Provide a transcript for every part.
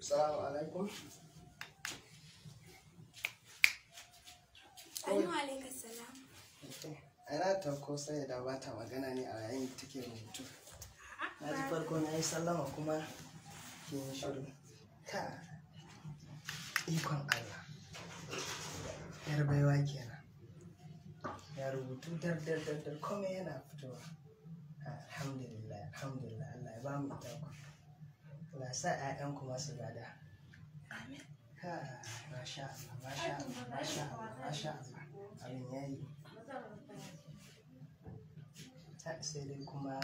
Assalamu alaikum. Anu alaikum salam. Ana tanko sai da ba ta magana ne a yayin da take rubutu. Na ji farko na yi sallama kuma ke yin shiru. Ka ikon Allah. Yar baiwa kenan. Ya rubutu dar dar dar dar komai yana fitowa. Alhamdulillah, alhamdulillah, Allah ya ba mu ikon. Allah sa ƴaƴan masu su amin ha masha Allah masha Allah masha Allah abin ta sai dai kuma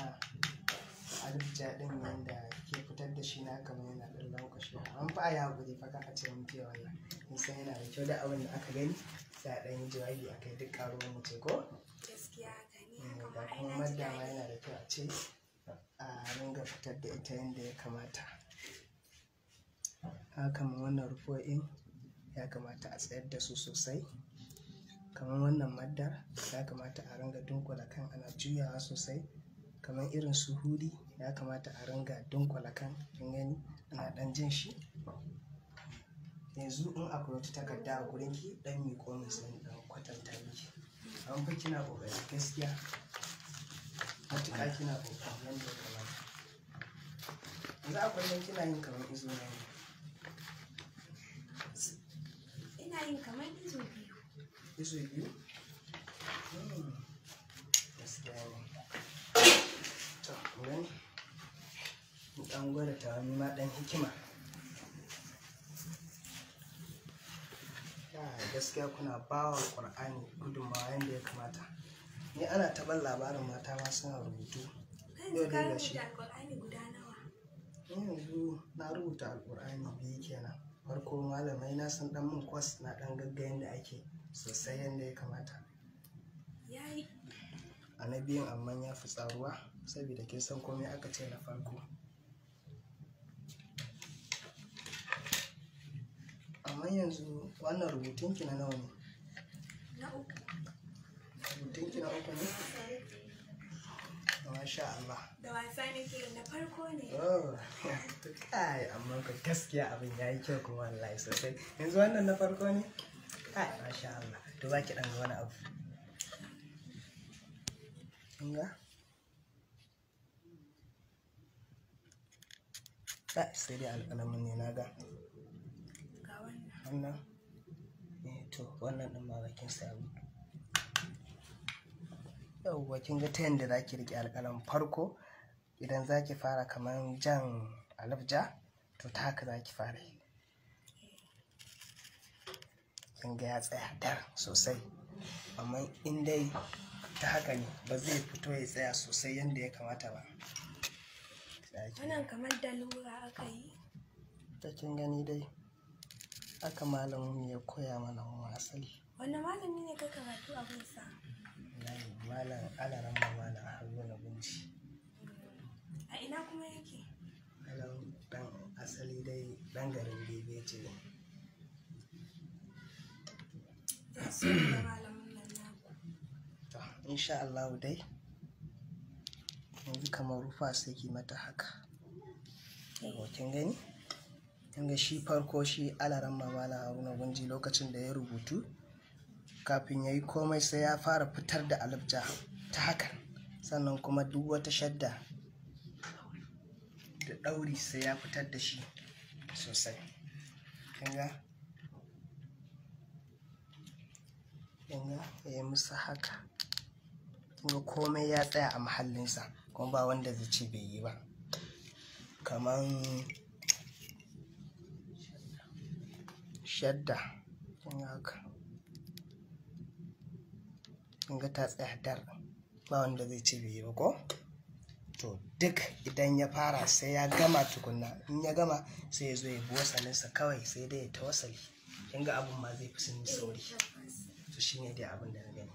alifja ɗin yadda ke fitar da shi na kamar yana ɗan lankwashe an fa ya guri fa a ce mun fiye wannan in san yana da kyau da abin da aka gani sai a ɗan yi jawabi a kai duk ƙaro mu ce ko gaskiya eh, kuma madama yana da kyau a ce a ringa fitar da ita yadda ya kamata kamar wannan rufo'in ya kamata a tsayar da su sosai kamar wannan maddar ya kamata a ringa dunkula kan ana juyawa sosai kamar irin su huri ya kamata a ringa dunkula kan in gani ana dan jin shi yanzu in akwai wata takarda a gurin ki dan mi komai sun dan kwatanta miki an fi kina kokari gaskiya matuƙa kina kokari yanda ya kamata yanzu akwai kina yin kamar izo ne ina yin kamar izo biyu izo biyu dan hmm, gwada ta ma dan hikima gaskiya kuna bawa ƙur'ani gudunmawa yadda ya kamata ni ana taɓa labarin mata ma suna rubutu yau dai gashi yanzu na rubuta alƙur'ani biyu kenan farko malamai na sun dan min kwas na dan gaggayen da ake sosai yadda ya kamata a na biyun amma ya fi tsaruwa saboda ke san komai aka ce na farko amma yanzu wannan rubutunki na nawa ne rubutunki na uku ne masha Allah da wasa na farko ne oh, kai amma ka gaskiya abin yi kyau kuma wallahi sosai yanzu wannan na farko ne kai masha Allah to wani abu kinga sai dai alƙalamin ne na ga wannan eh, to wannan ma bakin sa yauwa kin ga ta yadda za ki riƙe alƙalam farko idan za ki fara kamar jan alabja to ta haka za ki fara yi kin ga ya tsaya dar sosai amma in dai ta haka ne ba zai fito ya tsaya sosai yadda ya kamata ba wannan kamar da lura aka yi da kin gani dai aka malamin ya koya mana asali wani malami ne ka karatu sa malam alaran ma malam gunci a ina kuma yake dan asali dai dan garin bebe ce ne ah, insha Allah dai yanzu kamar rufa sai ki mata haka kin gani kin ga shi farko shi alaran ma haruna gunji lokacin da ya rubutu kafin ya yi komai sai ya fara fitar da alabja ta hakan sannan kuma duk wata shadda da ɗauri sai ya fitar da shi sosai kinga ya yi musu haka kuma komai ya tsaya a mahallinsa kuma ba wanda zai ce bai yi ba kamar shadda haka kin ga ta tsaya ba wanda zai ci bai yi ba ko to duk idan ya fara sai ya gama tukunna in ya gama sai ya zo ya bi wasaninsa kawai sai dai ya tawasali wasali kin ga abun ma zai fi sun sauri to shine dai abin da na gani